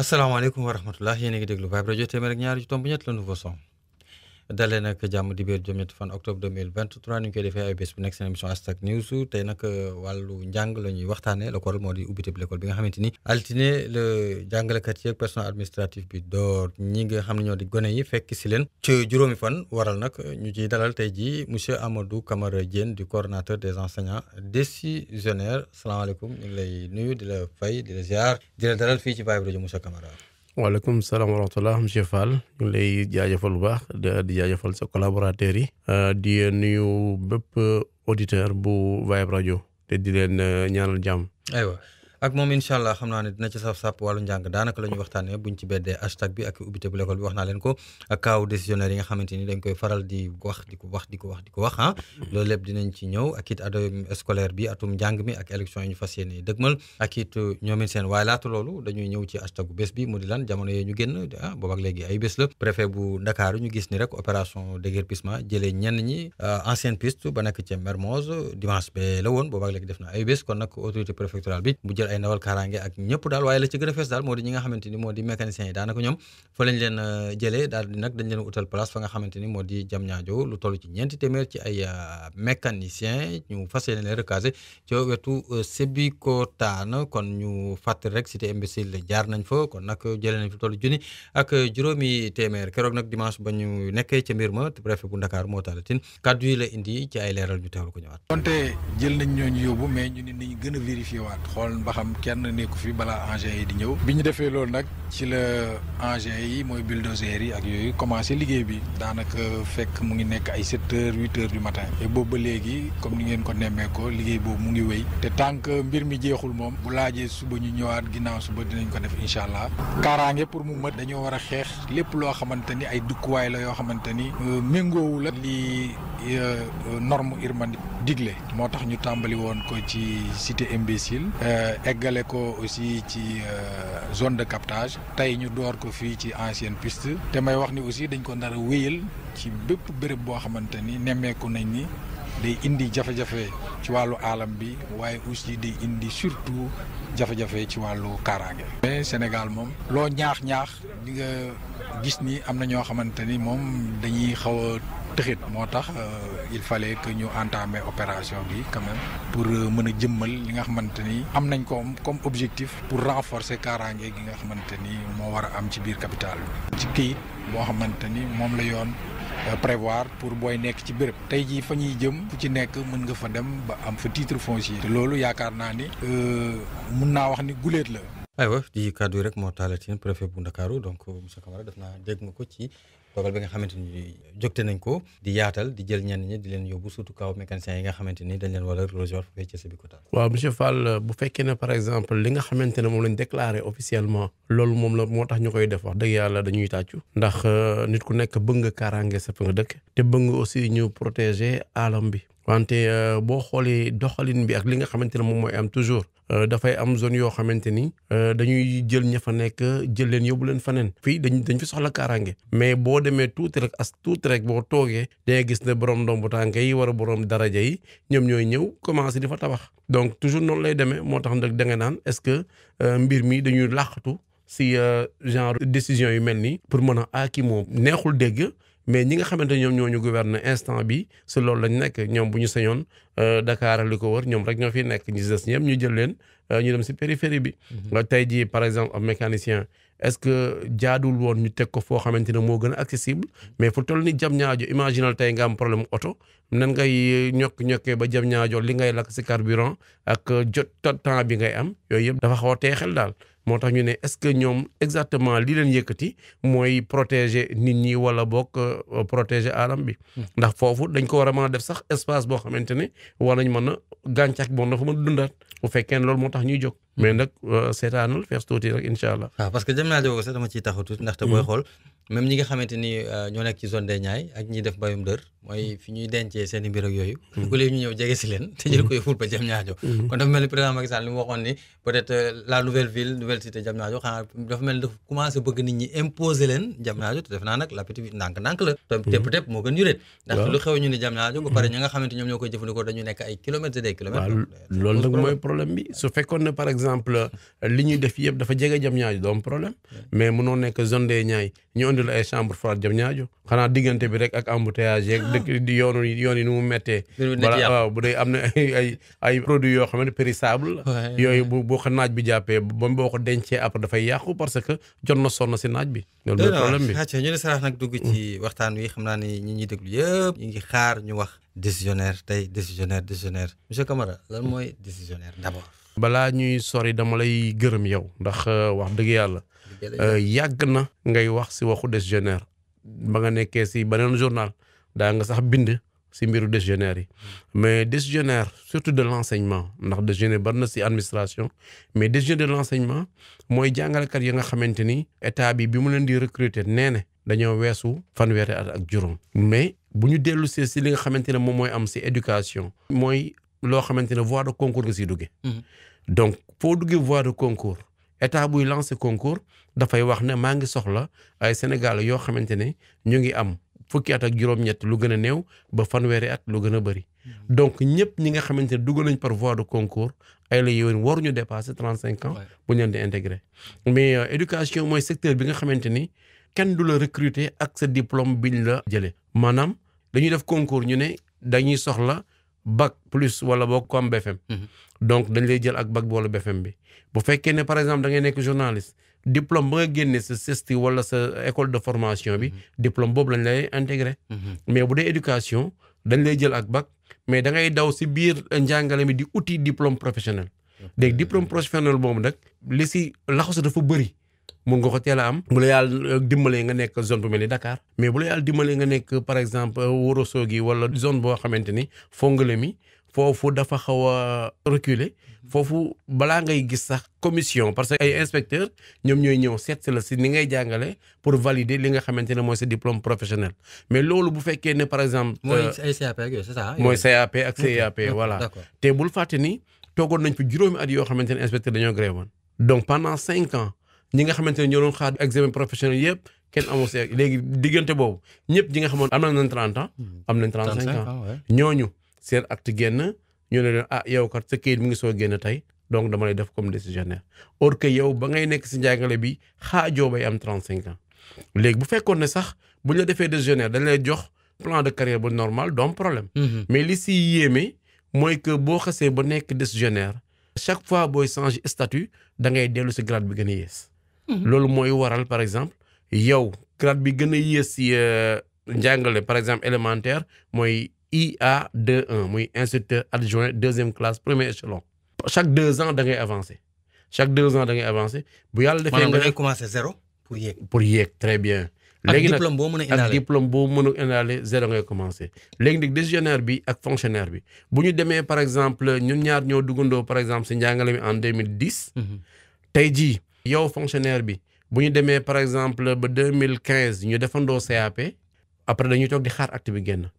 asalaamaaleykum wa rahmatulah yéen a ngi déglu Vibe rajo téeméer ak ñaar ju tomb ñett la nouveau son dalee nag jàmm di biir jom ñetti fan octobre 2023 ni ñu koy defee ay bés bu nekk seen émission hashtag news tey nag euh, wàllu njàng la ñuy waxtaane la moo di ubbite bi l'école bi nga xamante ni altine le jàngalekat yi ak personnel administratif bi door ñi nga xam ne ñoo di gone yi fekk si leen ci juróomi fan waral nag ñu ciy dalal tey jii monsieur Amadou Camara Diène du coordonnateur des enseignants décisionnaires salaamaaleykum ñu ngi lay nuyu di la fay di la ziar di la dalal fii ci Vibe Radio monsieur Camara waaleykum salaam wa rahmatulah monsieur Fall ñu ngi lay jaajëfal bu baax di jaajëfal sa collaborateurs yi. Euh, di nuyu bépp auditeur bu Vibe rajo te di leen euh, ñaanal jàmm. aywa ak moom incha allah xam naa ne dina ci saf sàpp wàllu njàng daanaka la ñuy waxtaanee buñ ci beddee hashtag bi ak ubbite bu l'école bi wax naa leen ko kaaw décisionnaire yi nga xamante ni dañ koy faral di wax di ko wax di ko wax di ko wax ah loolu lépp dinañ ci ñëw ak it ado scolaire bi atum njàng mi ak élection yi ñu fas yéene dëgmal ak it euh, ñoomin seen waaye laata loolu dañuy ñëw ci hashtag bu bés bi mu di lan jamono yooyu ñu génn ah boobu ak léegi ay bés la ñu gis ni rek opération déguerpissement jëlee ñenn ñi euh, ancienne piste ba nekk ci Mermoz dimanche ba la woon boobu ak léegi na ay bés kon nag autorité préfectorale bi bu jël ay ndawal kaaraange ak ñëpp daal waaye la ci gën a fees daal moo di ñi nga xamante ni moo di mécaniciens yi daanaka ñoom fa lañ leen euh, jëlee daal di nag dañ leen utal place fa nga xamante moo di jam ñaajo lu toll ci ñeenti téeméer ci ay euh, mécaniciens ñu fas yéene leen recaser ci wetu euh, Sébikotane kon ñu fàttali rek cité imbécile jaar nañ fa kon nag jëlee nañ fa toll junni ak juróomi téeméer keroog nag dimanche ba ñu nekkee ca mbir ma préfet bu Ndakaar moo talatin kàddu yi la indi ci ay leeral ñu teewlu a xam kenn nekku fi balaa engins yi di ñëw bi ñu defee loolu nag ci la engins yi mooy bulldozers yi ak yooyu commencé liggéey bi daanaka fekk mu ngi nekk ay sept heures huit heures du matin et boobu ba léegi comme ni ngeen ko nemmee ko liggéey boobu mu ngi wéy te tant que mbir mi jeexul moom bu laajee suba ñu ñëwaat ginnaaw suba dinañ ko def incha allah kaaraange pour mu mët dañoo war a xeex lépp loo xamante ni ay dukkuwaay la yoo xamante ni euh, méngoowul lii li euh, norme Irma digle moo tax ñu tàmbali ko ci cité imbécile euh, eggale ko aussi ci euh, zone de captage tey ñu door ko fii ci ancienne piste te may wax ni aussi dañ ko nar a ci bépp béréb boo xamante ni nemmeeku nañ ni day indi jafe-jafe ci wàllu aalam bi waaye aussi day indi surtout jafe-jafe ci wàllu kaaraange. mais Sénégal moom loo ñaax-ñaax di gis ni am na ñoo xamante ni moom dañuy xaw tëxit moo tax euh, il fallait que ñu entamer opération bi quand pour euh, mën a jëmmal li nga xamante ni am nañ ko comme objectif pour renforcer kaaraange gi nga xamante ni moo war a am ci biir capital bi ci këyit boo xamante ni moom la yoon euh, prévoir pour booy nekk ci bërëb tey jii fa ñuy jëm fu ci nekk mën nga fa dem ba am fa titre foncier loolu yaakaar naa ni mun naa wax ni guleet la aywa di kàddu yi rek moo taalatin préfet bu Ndakaaru donc monsieur Camara def naa dégg nga ko ci dogal bi nga xamante ni jógte nañ ko di yaatal di jël ñenn ñi di leen yóbbu surtout kaw mécaniciens yi nga xamante ni dañ leen wala relogeur foofee ca Sébikotane waaw monsieur Fall bu fekkee ne par exemple li nga xamante ne moom lañ déclaré officiellement loolu moom la moo tax ñu koy def wax dëgg yàlla dañuy tàccu ndax euh, nit ku nekk bëgg nga kaaraange sa fa nga dëkk te bëgg aussi ñu protéger alam bi wante euh, boo xoolee doxalin bi ak li nga xamante ne moom mooy am toujours euh, dafay am zone yoo xamante ni euh, dañuy jël ña fa nekk jël leen yóbbu leen faneen fii dañ dañ fi soxla kaaraange mais boo demee tuuti rek as tuuti rek boo toogee dangay gis ne borom ndombu tànk yi war a borom daraja yi ñoom ñooy ñëw commencé di fa tabax donc toujours noonu lay demee moo tax nag da naan est-ce que mbir mi dañuy làqatu si genre décision yu mel nii pour mën a aakimoo ah, neexul dégg mais ñi nga xamante ñoom ñoo ñu gouverne instant bi si loolu lañ nekk ñoom bu ñu señoon euh, Dakar li ko wër ñoom rek ñoo fi nekk ñi des ñëpp ñu jël leen euh, ñu dem si périphérie bi. Mm-hmm. Euh, tey jii par exemple ab mécanicien est-ce que jaadul woon ñu teg ko foo xamante ne moo gën a accessible mais fu toll ni jam ñaajo imaginal tey nga am problème oto nan ngay ñokk ñokkee ba jam ñaajo li ngay lakk si carburant ak jot temps bi ngay am yooyu yëpp dafa xaw a teexel daal. moo tax ñu ne est-ce que ñoom exactement li leen yëkkati mooy protéger nit ñi wala boog euh, protéger aalam bi. Hmm. ndax foofu dañ ko war a mën def sax espace boo xamante ne war nañ mën a gàncax bon dafa mën a dundaat bu fekkee ne loolu moo tax ñuy jóg. Hmm. mais nag euh, seetaanul fees tuuti rek incha allah. waaw ah, parce que jëm naa jóg sax dama ciy taxaw tuuti ndaxte booy hmm. xool même ñi nga xamante ni euh, ñoo nekk ci zone des Niayes ak ñi def mbayum dër. mooy fi ñuy dence seen i yooyu ku mm-hmm. léegi ñu ñëw jege si leen te jël ko yóbbul ba jam mm-hmm. kon dafa mel ni président Macky Sall ni peut euh, ni dafa commencé bëgg nit ñi imposer leen jam ñaajo te def naa nag la petite ndànk-ndànk la te tepp mm-hmm. tepp moo gën yuréet ndax lu xew ñu ne jam ñaajo pare ñi nga xamante ñoom ñoo koy jëfandikoo dañu nekk ay kilomètres et des kilomètres loolu nag mooy problème bi su fekkoon ne par exemple li ñuy def yëpp dafa jege jam ñaajo doom problème mais mënoo nekk zone des Niayes ñu indi la ay chambre froide jam xanaa diggante bi rek ak embouteillage yeeg ah. di yoonu yoon yi nu mu méttee bu am na ay ay produits yoo xam ne périssable yooyu bu boo ko naaj bi jàppee ba boo dencee après dafay yàqu parce que jot na sonn si naaj bi loolu mooy problème ñu ne sarax nag dugg mm. waxtaan wi xam naa ne ñi ñuy déglu yëpp ñu ngi xaar ñu wax décisionnaire tey décisionnaire décisionnaire monsieur Camara lan mooy décisionnaire d'abord balaa ñuy sori dama lay gërëm yow ndax euh, wax dëgg yàlla euh, yàgg na ngay wax si waxu décisionnaire ba nga nekkee si beneen journal daa nga sax bind si mbiru décisionnaire yi mais décisionnaire surtout de l'enseignement ndax décisionnaire bari na si administration mais décisionnaire de l'enseignement mooy jàngalekat yi nga xamante ni état bi bi mu leen di recruter nee ne dañoo weesu fanweeri at ak juróom mais bu ñu dellu see si li nga xamante ne moom mooy am si éducation mooy loo xamante ne voie de concours nga siy duggee mm-hmm. donc foo duggee voie de concours état buy lancer concours dafay wax ne maa ngi soxla ay sénégalais yoo xamante ne ñu ngi am fukki at ak juróom-ñett lu gën a néew ba fanweeri at lu gën a bëri hmm. donc ñëpp ñi nga xamante ne dugg nañ par voie de concours ay la yowén waruñu dépasser trente cinq ans bu ñu intégré mais euh, éducation mooy secteur bi nga xamante ni kenn du la recruter ak sa diplôme biñ la jëlee maanaam dañuy def concours ñu ne dañuy soxla bac plus wala boog ku am mhm. donc dañ lay jël ak bac bi wala BFM bi. bu fekkee ne par exemple da ngay nekk journaliste diplôme ba nga génne sa CESTI wala sa école de formation bi mhm. diplôme boobu lañ lay intégré. Mhm. mais bu dee éducation dañ lay jël ak bac mais dangay daw si biir njàngale mi di uti diplôme professionnel. léegi diplôme professionnel boobu nag li si laxu dafa bëri. mun nga ko teel a am bu la yàlla euh, dimbalee nga nekk zone bu mel ni Dakar mais bu la yàlla dimbalee nga nekk par exemple euh, Ourossogui wala zone boo xamante ni Fongolemi foofu dafa xaw a reculer foofu balaa ngay gis sax commission parce que ay inspecteurs ñoom ñooy ñëw seet si la ni ngay jàngale pour valider li nga xamante ne mooy sa diplôme professionnel mais loolu bu fekkee ne par exemple. mooy euh, ay CAP ak CAP ak te bul fàtte ni toogoon nañ fi juróomi at yoo xamante ne inspecteur dañoo grève woon donc pendant cinq ans. ñi nga xamante ne ñoo doon xaar examen professionnel yëpp kenn amoo see léegi diggante boobu ñëpp ñi nga xamoon am nañ 30 ans. Hmm. am nañ 35 ans ah ñooñu seen acte génn ñu ne leen ah yow kat sa kayit mu ngi soo génn tey donc dama lay def comme décisionnaire or que yow ba ngay nekk si njàngale bi xaajoo bay am 35 ans léegi bu fekkoon ne sax bu ñu la defee décisionnaire dañ lay jox plan de carrière bu normal doom problème. Hmm. mais li si yéeme mooy que boo xasee ba nekk décisionnaire chaque fois booy changer statut da ngay dellu si grade bi gën a Mhm. loolu mooy waral par exemple yow grade bi gën a yées si euh, njàngale par exemple élémentaire mooy IA de 1 muy instructeur adjoint deuxième classe premier échelon. chaque deux ans da ngay avancer chaque deux ans da ngay avancer bu yàlla defee. maanaam ay commencé commencer pour pour yéeg très bien. léegi nag ak boo mën a indaale ak boo mën a indaale zéro ngay commencer bi ak fonctionnaire bi bu ñu demee par exemple ñun ñaar ñoo duggandoo par exemple si njàngale mi en 2010. Mhm. tey ji yow fonctionnaire bi bu ñu demee par exemple ba deux mille quinze ñu defandoo CAP après dañuy toog di xaar acte génn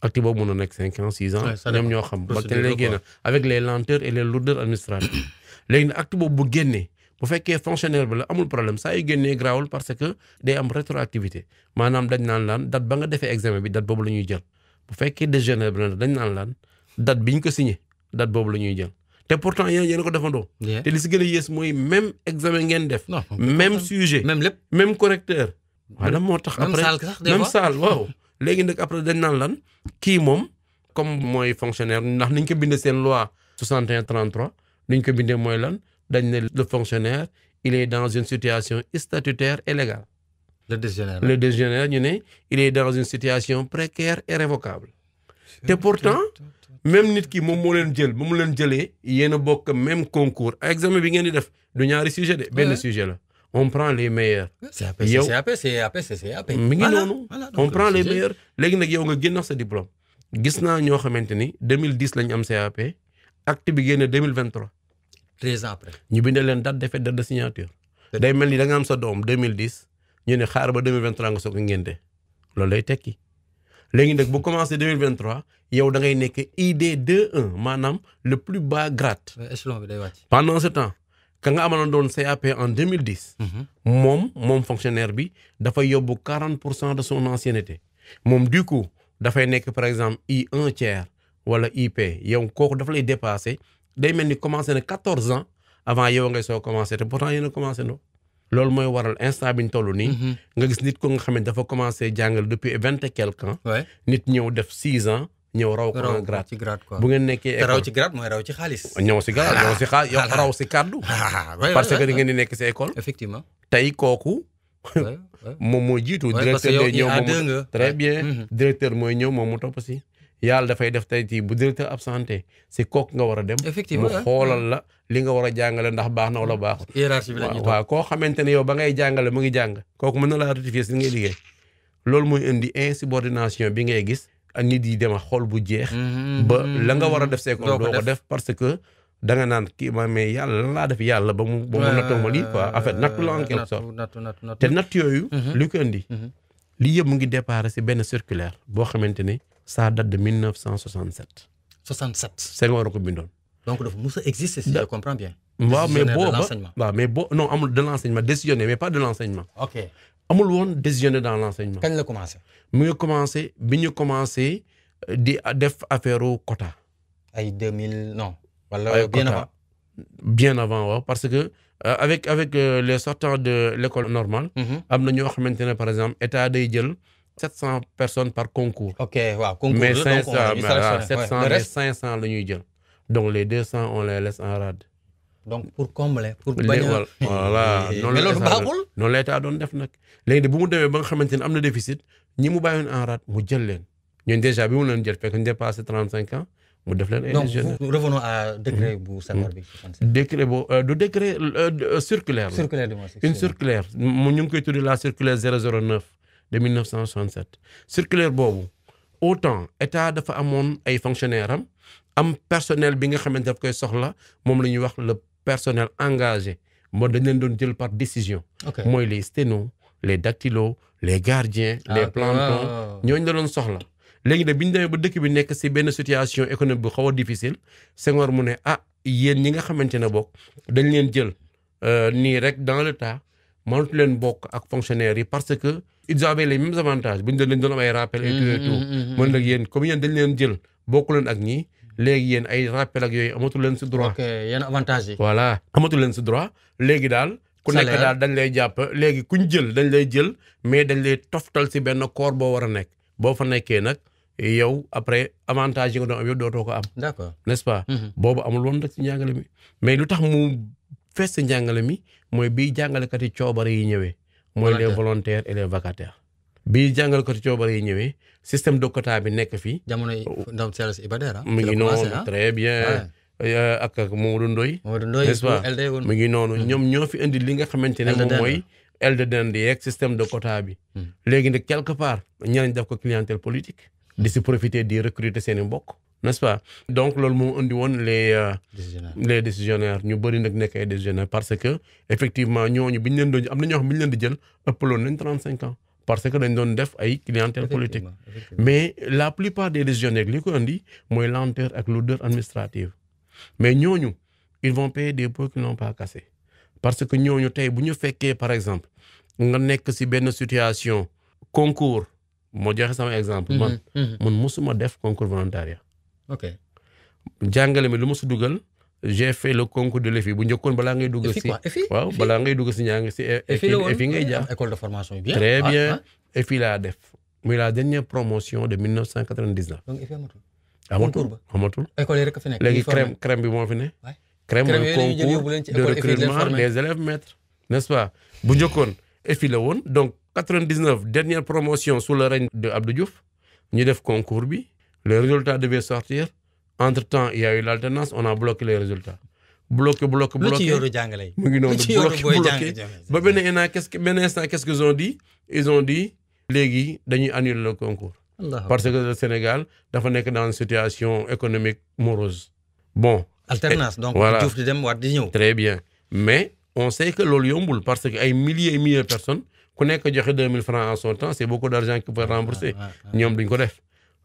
acte boobu mën a nekk cinq ans six ñoo xam ba kañ lay génn avec les lenteurs et les boobu bu génnee bu fekkee fonctionnaire bi la amul problème saa yu génnee grawul parce que day am rétroactivité maanaam dañ naan laan date ba nga defee examen bi date boobu la ñuy jël bu fekkee décisionnaire bi la dañ naan laan dat bi ñu ko signé date boobu la ñuy jël. te pourtant yéen yéen ko defandoo. te li si gën a yées mooy même examen ngeen def. même sujet même lépp même correcteur. la moo tax après même saal waaw. léegi nag après dañ naan lan kii moom comme mooy fonctionnaire ndax niñ ko bindee seen loi 61 33 niñ ko bindee mooy lan dañ ne le fonctionnaire il est dans une situation statutaire et légale. le décisionnaire le décisionnaire ñu ne il est dans une situation précaire et révocable. te pourtant. même nit ki moom moo leen jël ba mu leen jëlee yéen a bokk même concours ah, examen bi ngeen di def du ñaari sujet de benn sujet la on prend les meilleurs. yow CAP CAP léegi nag yow nga génn sa diplôme. gis naa ñoo xamante ni 2010 la ñu am CAP acte bi génne 2023. 13 ans après. ñu bindee leen date de fait date de signature. day mel ni da am sa doom 2010 ñu ne xaar ba 2023 nga soog a ngénte loolu lay tekki. léegi nag bu commencé 2023 yow da ngay nekk ID21 maanaam le plus bas grade. échelon bi day wàcc. pendant ce temps ka nga amaloon doon CAP en 2010. Mhm. moom moom fonctionnaire bi dafay yóbbu 40 pour cent de son ancienneté moom du coup dafay nekk par exemple I un tiers wala IP yow kooku dafa lay dépassé day mel ni commencé na 14 ans avant yow ngay soo commencé te pourtant yéen a commencé no loolu mooy waral instant bi ñu toll nii. Mhm. nga gis nit ko nga xam ne dafa commencé jàngal depuis vingt et quelque ans. nit ñëw def six ans. ñëw raw ko en grade bu ngeen nekkee école raw raw ci xaalis. ñëw si grade ñëw si xaalis yow raw si kàddu. parce que di ngeen di nekk si école. effectivement tey kooku. moom moo jiitu. directeur day ñëw moom très bien. Mhm. directeur mooy ñëw moom mu topp si. yàlla dafay def tey jii bu directeur absenté si kooku nga war a dem. effectivement mu xoolal la li nga war a jàngale ndax baax na wala mm. baaxul. waaw koo xamante ne yow ba ngay jàngale mu ngi jàng. kooku mën na laa ratifier si li ngay liggéey loolu mooy indi insubordination bi ngay gis nit yi dem a xool bu jeex. Mm-hmm. ba la nga war a def see ko doo ko def parce que. da nga naan kii ma mais yàlla lan laa def yàlla ba mu ba mu nattoo ma lii quoi en fait nattu la en te natt yooyu. Mm-hmm. li indi. Mm-hmm. lii yëpp mu ngi départ si benn circulaire boo xamante ne. ça date de 1967. 67 Senghor a ko bindoon. donc dafa mos a exister si je comprends bien. waaw mais boo ba de l'enseignement décisionnaire mais pas de l'enseignement. ok amul woon décisionnaire dans l'enseignement. mu ngi commencé bi ñu euh, def affaire au quota. bien avant bien parce que. Euh, avec avec euh, les sortants de l'école normale. Mm-hmm. am na ñoo xamante par exemple état day jël. 700 personnes par concours. OK, waaw concours mais 500 mais 700 ah, la ñuy jël. donc les 200 on les laisse en rade. donc pour combler pour bañ a. voilà la état noonu la état doon def nag. léegi bu mu demee ba nga xamante ne am na déficit ñi mu bàyyoon en rade mu jël leen ñun déjà bi mu leen jël fekk ñu dépassé 35 ans. mu def leen indépendance donc revenons à décret mm-hmm. mm-hmm. euh, du décret euh, euh, circulaire. circulaire de une circulaire mu ñu ngi koy tuddee la circulaire 009. de 1967 circulaire boobu autant état dafa amoon ay fonctionnaire am am personnel bi nga xamante daf koy soxla moom la ñuy wax le personnel engagé moo dañ leen doon jël par décision mooy les sténos les dactylos les gardiens ah, les plantons ñooñu la doon soxla léegi nag bi ñu demee ba dëkk bi nekk si benn situation économique bu xaw a difficile Senghor mu ne ah yéen ñi nga xamante ne bokk dañ leen jël euh, nii rek dans le tas mënatu leen bokk ak fonctionnaire yi parce que ils avaient les mêmes avantages bu ñu doon dañ doon am ay rappel et tout et mm-hmm, mm-hmm. mën nag yéen comme yéen dañ leen jël bokku leen ak ñi léegi yéen ay rappel ak yooyu amatu leen si droit yéen avantage yi voilà amatu si droit léegi daal ku nekk daal dañ lay jàpp léegi kuñ jël dañ lay jël mais dañ lay toftal si benn koor boo war a nekk boo fa nekkee nag yow après avantage yi nga doon am yow dootoo ko am d'accord pas mm-hmm. boobu amul woon nag si njàngale mi mais lu tax mu fees si njàngale mi mooy bii jàngalekat yi coobare yi ñëwee mooy les volontaires et les vacataires bi jàngalkati coobare yi ñëwee système de quota bi nekk fii. jamono yi oh. ndaw Thérèse Ibadera. Ah. mu ngi noonu ah. très bien. Euh, ak ak Mamadou Ndoye. Mamadou Ndoye n'est-ce ngi noonu hmm. ñoom ñoo fi indi li nga xamante ne moom mooy. elde de yeeg système de quota bi. Hmm. léegi nag quelque part ñeneen def ko clientèle politique. di si profiter di recruter seen i mbokk. n'est-ce donc loolu moo indi woon les euh, les décisionnaires ñu bëri nag nekk ay décisionnaires parce que effectivement ñooñu bi ñu leen doon am na ñoo xam ñu leen di jël ëppaloon nañ trente cinq ans parce que dañ doon def ay clientèle politique mais la plupart des décisionnaires lii ko indi mooy lenteur ak lourdeur administrative mais ñooñu ils vont payer des pots qu'ils n'ont pas cassés parce que ñooñu tey bu ñu fekkee par exemple nga nekk si benn situation concours moo joxe sama exemple man mhm, mhm. man mosuma def concours volontariat ok jàngale mi lu ma si dugal. j'ai fait le concours de l'EFI bu njëkkoon balaa ngay dugg si waaw balaa ngay dugg si ñaa ngi si e-, e-, EFI ngay jaar ah, école de formation bi très ah, bien ah. EFI laa def muy la dernière promotion de 1999 donc EFI amatul amatul amatul école yi rek a fi nekk léegi crème bi moo fi ne crème mooy concours de recrutement des élèves maîtres nest pas bu njëkkoon EFI la woon donc 99 dernière promotion sous le règne de Abdou Diouf ñu def concours bi Les résultats devaient sortir. Entre-temps, il y a eu l'alternance, on a bloqué les résultats. Bloqué, bloqué, bloqué. Qu'est-ce qu'ils ont dit Ils a dit, légui, d'ailleurs, annuler le concours. Parce que le Sénégal, est dans une situation économique morose. Bon. Alternance, donc, voilà. Très bien. Mais, on sait que l'Oliombul, parce qu'il y a des milliers et milliers de personnes, qu'on ait que 2000 francs en son temps, c'est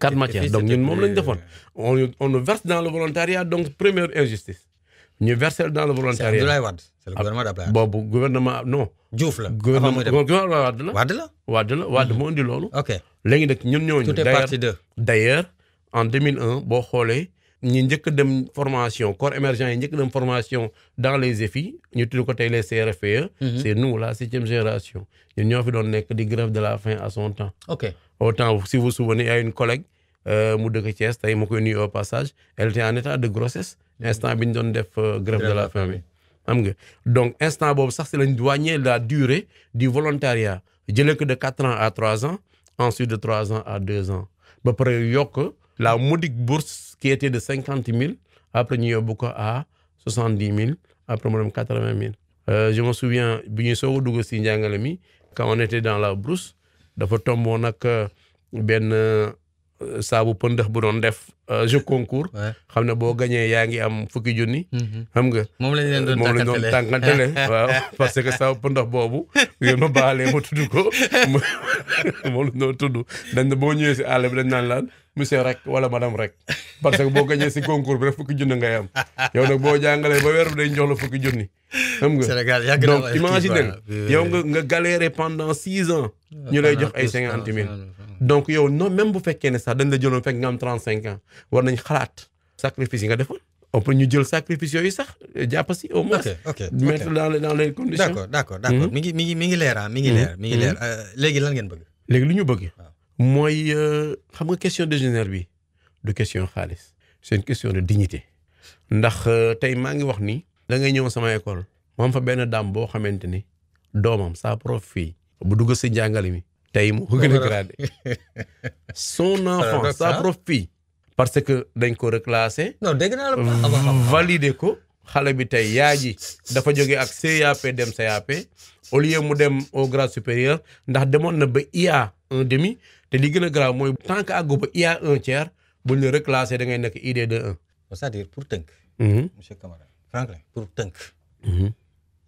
quatre matières donc ñun moom lañ defoon on on nous verse dans le volontariat donc première injustice ñu verse dans le volontariat. c'est Abdoulaye Wade c'est le ah, gouvernement d'Abdoulaye boobu gouvernement non. Diouf la gouvernement gouvernement Wade la. Wade la Wade moo indi loolu. ok ñun ñooñu. tout en boo xoolee. ñi njëkk dem formation corps émergent yi njëkk dem formation dans les EFI ñu tudd ko tey le CRFPE. c' e e. mhm. est nous la septième génération. ñun ñoo fi doon nekk di grève de la faim à son temps. ok au temps si vous vous a une collègue euh, mu dëkk Thiès tey ma koy nuyu au passage elle était en état de grossesse instant bi ñu doon def euh, grève de la faim bi. xam nga donc instant boobu sax si lañ wàññee la durée du volontariat jëlee ko de quatre ans à trois ans ensuite de trois ans à deux ans ba pare yokk. la modique bourse qui était de cinquante mille après ñu yóbbu ko à soixante dix mille après mu dem quatre vingt mille. Euh, je me souviens bi ñuy soog a dugg si njàngale mi quand on était dans la brousse dafa tomboo nag euh, benn euh, saabu pëndax bu doon def jeu concours. xam ne boo gañee yaa ngi am fukki junni. Mm-hmm. xam nga moom lañ leen doon tànkantele moom parce que saabu pëndax boobu ngeen ma baalee ma tudd ko moom lañ doon tudd dañ ne boo ñëwee si àll bi dañ naan laan. monsieur rek wala madame rek parce que boo gañee si concours bi rek fukki junni ngay am yow nag boo jàngalee ba weer bi day jox la fukki junni. xam nga Sénégal yàgg na donc bu fekkee ne sax dañ la jëloon fekk nga am trente cinq ans war nañ xalaat sacrifice yi nga defoon. après ñu jël sacrifice yooyu sax jàpp si au moins. ok ok mettre dans les dans hmm? mi ngi mi ngi ngi leer ah, mi ngi leer mi ngi hmm? leer euh, léegi lan bëgg. mooy euh, xam nga question de décisionnaire bi du question xaalis seen question de dignité ndax euh, tey maa ngi wax nii da ngay ñëw sama école moom fa benn daam boo xamante ni doomam sa prof fii bu dugg si njàngale mi tey moo gën a gradé son enfant sa prof parce que dañ ko reclassé non dégg ko xale bi tey yaa ji dafa jóge ak CAP dem CAP au lieu mu dem au grade supérieur ndax demoon na ba IA un demi te li gën a grave mooy tant que àggu ba IA un tiers buñ la reclassé da ngay nekk ID de un. c'est-à-dire pour tënk. Mhm. monsieur Camara Franklin pour tënk. Mhm.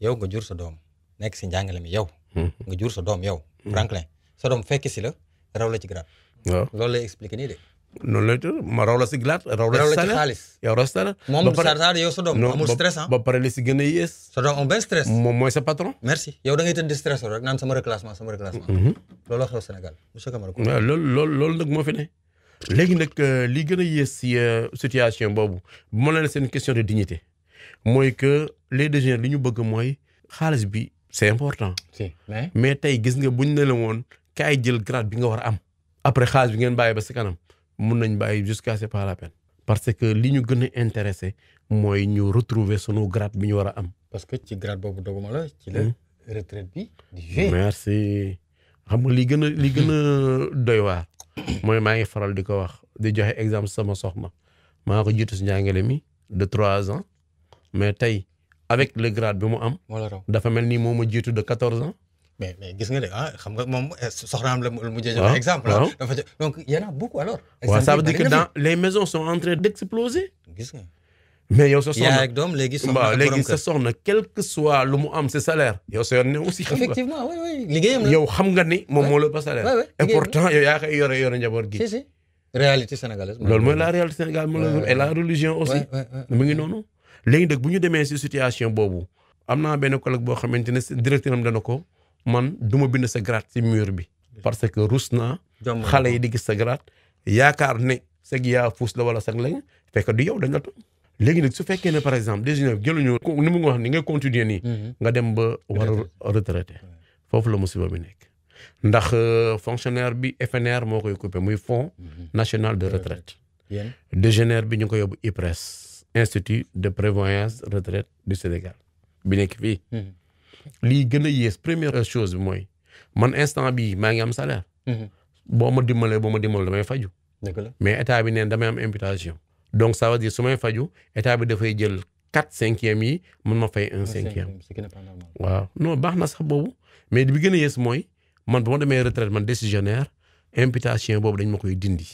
yow nga jur sa doom nekk si njàngale mi yow. Mhm. nga jur sa doom yow. Franklin sa doom fekk si la raw la ci grade. waaw loolu lay expliqué nii de. noonu la si glaat raw moom Sarr Sarr yow sa doom amul stress ah ba pare a yées sa doom am benn stress moom mooy sa patron merci loolu loolu loolu moo fi ne léegi nag li gën a yées si situation boobu bu ma la ne seen question de dignité mooy que les déjeuners li ñu bëgg mooy xaalis bi c'est important mais tey gis nga buñ ne la woon kaay jël grade bi nga war a am après xaalis bi ngeen bàyyi ba si kanam mun nañ ba bàyyi jusqu'à c'est pas la peine parce que li ñu gën a intéressé mooy ñu retrouver sunu grade bi ñu war a am. parce que ci grade boobu doguma la. ci la hmm. retraite bi di jouer. merci xam nga li gën a li gën a doy waar mooy maa ngi faral di ko wax di joxe exemple sama soxna maa ko jiitu si njàngale mi de trois ans mais tey avec le grade bi mu am. dafa mel ni moo ma jiitu de quatorze ans. mais mais gis nga ne ah xam nga moom eh, soxnaam la mu mujjee joxe exemple ah. dafa a beaucoup alors les maisons sont en train d'exploser gis nga mais yow sa soxna ak doom léegi soxna léegi sa soxna quel que soit lu mu am sa salaire yow sa yoon ne aussi xam nga effectivement oui yow xam nga ni moom moo la ba salaire et pourtant yow yaa koy yore yore njaboot gi si si réalité loolu mooy la réalité sénégalaise moom et la religion aussi mu ngi noonu léegi nag bu ñu demee si situation boobu am naa benn collègue boo xamante ne directeur am dana ko man du ma bind sa grate si mur bi parce que rus naa xale yi di gis sa grade yaakaar ne seg yaa fuus la wala seg lañ fekk du yow dañ la tooñ léegi nag su fekkee ne par exemple des jeunes jëluñu ni mu nga wax ni nga continuer nii mhm. nga dem ba war a foofu la musiba bi nekk ndax euh, fonctionnaire bi FNR moo koy coupé muy fonds mhm. national de retraite dégénère bi ñu ko yóbbu IPRES institut de prévoyance retraite du Sénégal bi nekk fii mhm. lii gën a yées première chose bi mooy man instant bii maa ngi am salaire. Mhm. boo ma dimbalee boo ma dimbalee damay faju mais état bi neen damay am imputation. donc ça veut dire su may faju état bi dafay jël quatre cinquième yi mën ma fay un cinquième. waaw non baax na sax boobu mais bi gën a yées mooy man ba ma demee retraite man décisionnaire imputation boobu dañ ma koy dindi.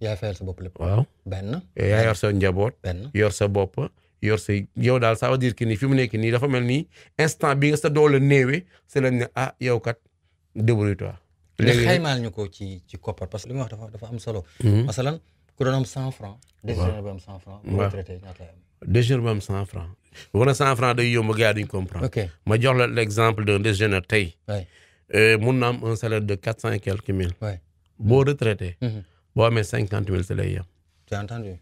yaa fayal sa bopp waaw benn. yaa yor sa njaboot. benn yor sa bopp yor say yow daal saa veut dire que ni fi mu nekk nii dafa mel ni instant bi nga sa doole néewee se lañ ne ah yow kat débrouille-toi. léegi xaymaal ñu ko ci ci koppar parce que li ma wax dafa dafa am solo. Mhm. masalan ku doon am cent franc. décisionnaire ba cent franc. waaw traité ba am cent franc. war na cent franc day yomb gars duñ comprendre. ok ma jox la l'exemple d'un décisionnaire tey. Euh, mun na am un salaire de quatre cent et quelques mille. boo retraité. Mhm. boo amee cinquante mille si lay yem.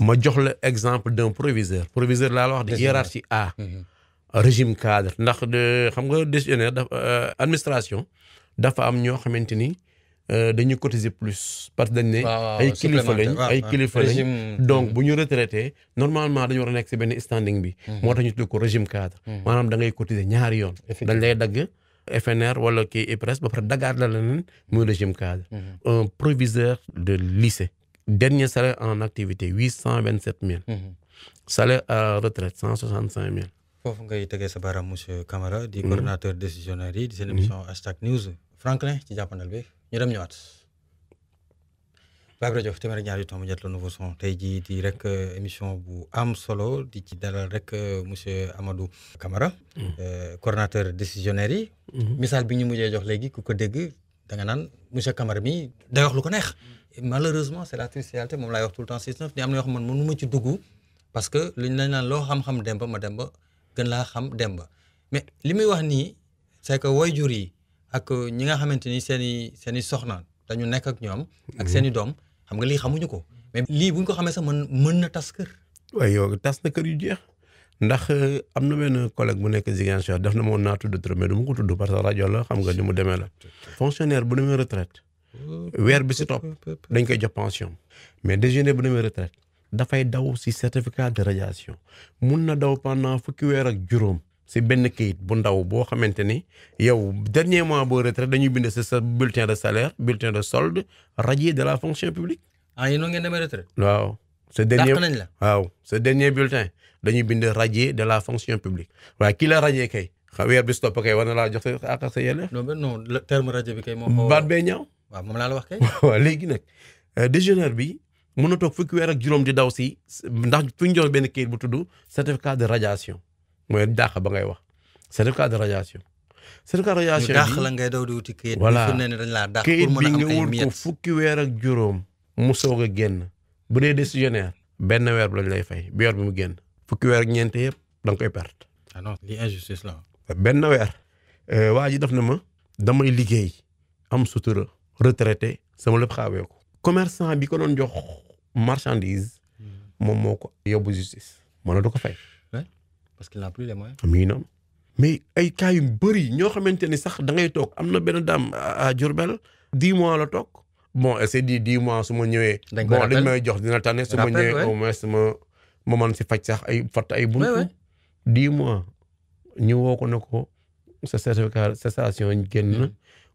ma jox la exemple d'un proviseur proviseur laa la wax di hiérarchie A mhm. régime cadre ndax xam nga décisionnaire dafa euh, administration dafa am ñoo xamante ni euh, dañuy cotiser plus parce que dañ ne ay kilifa lañ ay ah, ah. kilifa lañ donc mhm. bu ñu retraité normalement dañu war a nekk si benn standing bi mhm. moo tax ñu tudd ko régime cadre maanaam dangay ngay cotiser ñaari yoon dañ lay dagg FNR wala kii IPRES ba pare dagaat la leneen muy régime cadre un proviseur de lycée dernier salaire en activité huit cent vingt sept mil mhm. salaire à retraite cent soixante cinq mille. foofu ngay tegee sa baaraam monsieur kamara di mhm. coordonnateur décisionnaire yi di seen mhm. émission hashtag news. Franklin ci jàppandal bi ñu dem ñëwaat. Babacar Diop téeméer ñaari tomb ñett la nouveau son tey jii di rek euh, émission bu am solo di ci dalal rek euh, monsieur Amadou Camara. Euh, coordonnateur décisionnaire yi. misaal bi ñu mujjee jox léegi ku ko dégg da nga naan monsieur Camara mi day ko malheureusement c' est la triste réalité moom laay wax tout le temps 6-9 ni am na yoo xam man mënu ma ci dugg parce que li ñu lañ naan loo xam-xam demba ma demba gën laa xam demba mais li muy wax nii est que waajur yi ak ñi nga xamante ni seen i seen i soxna dañu nekk ak ñoom. ak seen i doom xam nga lii xamuñu ko. lii bu ñu ko xamee sax mën mën na tas kër. waaye yow tas na kër yu jeex. ndax euh, am na benn collègue bu nekk Ziguinchor def na ma woon naa tudd trop mais du ma ko tudd parce que rajo la xam nga ni mu demee la. fonctionnaire bu demee retraite weer bi si topp dañ koy jox pension mais déjeuner bu demee retraite dafay daw si certificat de radiation mun na daw pendant fukki weer ak juróom si benn kayit bu ndaw boo xamante ni yow dernier mois boo retraite dañuy bind si sa bulletin de salaire bulletin de solde radié la fonction publique. ah yéen ngeen demee retraite. waaw. la waaw sa bulletin dañuy bind radié la fonction publique waaye ki la radié kay. weer bi si topp kay war na laa jox sa àq sa yelleef. non non terme radié bi kay moo baat bee ñaaw. waaw moom laa la wax kay. waaw léegi nag euh, décisionnaire bi mën na toog fukki weer ak juróom di daw si ndax fu ñu jox benn kayit bu tudd certificat de radiation mooy dàq ba ngay wax certificat de radiation. certificat de radiation bi la ngay daw di wuti kayit. voilà kayit bi nga wut ko fukki weer ak juróom mu soog a génn bu dee décisionnaire benn weer bi lañ lay fay bi yor bi mu génn fukki weer ak ñeent yëpp da koy perte. ah non lii injustice la benn weer. Euh, waa ji def na ma damay liggéey am sutura. retraité sama lépp xaawee ko commerçant bi ko doon jox marchandise moom moo ko yóbbu justice mën ko fay. parce qu'il n'a plus les moyens. mi ngi noonu mais ay cas yu bëri ñoo xamante ni sax da ngay toog am na benn dame à Diourbel di mois la toog bon et c'est dit dix mois su ma ñëwee. bon dañ may jox dina tane su ma ñëwee au moins ma ma man si faj sax ay fatt ay buntu. dix mois ñu woo ko ne ko sa certificat cessation génn mm.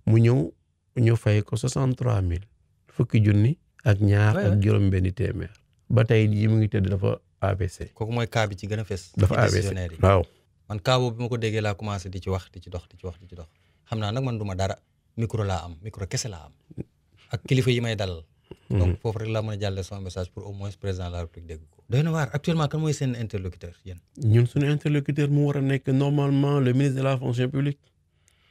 mu ñëw. ñu fay ko soixante trois mille fukki junni ak ñaar ak juróom benni téeméer ba tey mu ngi tëdd dafa ABC. kooku mooy cas bi ci gën a fes. dafa ABC waaw. man cas boobu bi ma ko déggee laa di ci wax di ci dox di ci wax di ci dox xam naa nag man duma dara micro laa am micro laa am ak kilifa yi may dalal. Mm-hmm. donc foofu rek laa mën a jàllale sama message pour au moins président la république dégg ko. actuellement kan mooy seen interlocuteur yéen. ñun suñu interlocuteur mu war a nekk normalement le ministre de la fonction publique.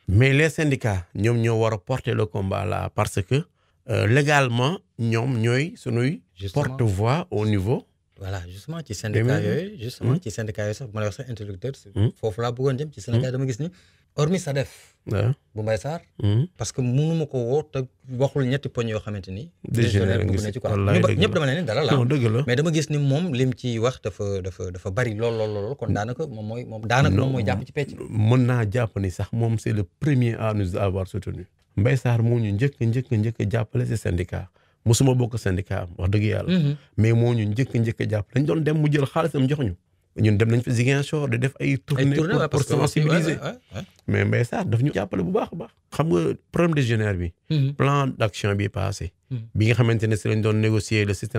mais les syndicats ñoom ñoo war a porter le combat là parce que euh, légalement ñoom ñooy sunuy porte-voix au niveau voilà justement ci syndicat yooyu hmm. ci syndicat yooyu sax bu ma la wax sax interlocuteur hmm. foofu laa bëggoon jëm ci syndicat dama gis ni hormis sa hmm. parce que mënu ma ko woo te waxul ñetti poñ yoo xamante ni dégénéré bugg na ci quoi ñëpp dama ne leen mais dama gis ni moom lim ci wax dafa dafa dafa bari lool lool lool kon hmm. daanaka moom mooy moom daanaka moom mooy jàpp ci pecc mën naa jàpp ni sax moom c'est le premier à nous avoir soutenu Mbaye Sarr moo ñu njëkk njëkk njëkk jàppale si syndicat musuma bokk syndicat am wax dëgg yàlla mm-hmm. mais moo ñu njëkk njëkk jàppale dañ dem mu jël xaalisam jox ñu ñun dem nañ fa Ziguinchor di def ay tournée pour sensibiliser mais Mbaye Sarr daf ñu jàppale bu baax a baax xam nga problème bi mhm. plan d'action bi passé mhm. bi nga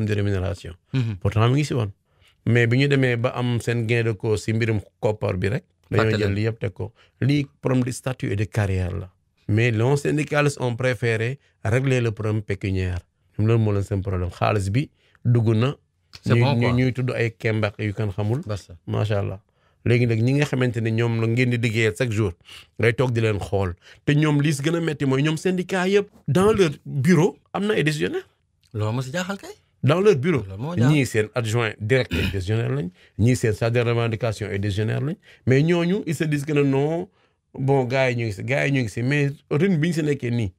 de rémunération mhm. pourtant bi ñu demee ba am seen gain de cause si mbirum koppar bi rek dañoo jël li yëpp teg ko lii problème de statut et de carrière la mais les syndicalistes ont préféré régler le problème pécuniaire ñoom loolu moo seen problème xaalis bi dugg c'est bon quoi ñuy tudd ay kembax yu kan xamul. macha allah léegi nag ñi nga xamante ne ñoom la ngeen di liggéeyal chaque jour ngay toog di leen xool te ñoom liis gën a metti mooy ñoom seen syndicat yëpp. dans leur bureau am na ay décisionnaire. loolu ma si jaaxal kay. dans leur bureau ñii seen adjoint direct ay décisionnaire lañ ñii seen chargé de revendication ay décisionnaire lañ mais ñooñu ils se disent que non bon gars yi ñu ngi si gars yi ñu ngi si mais rythme bi ñu si nekkee nii.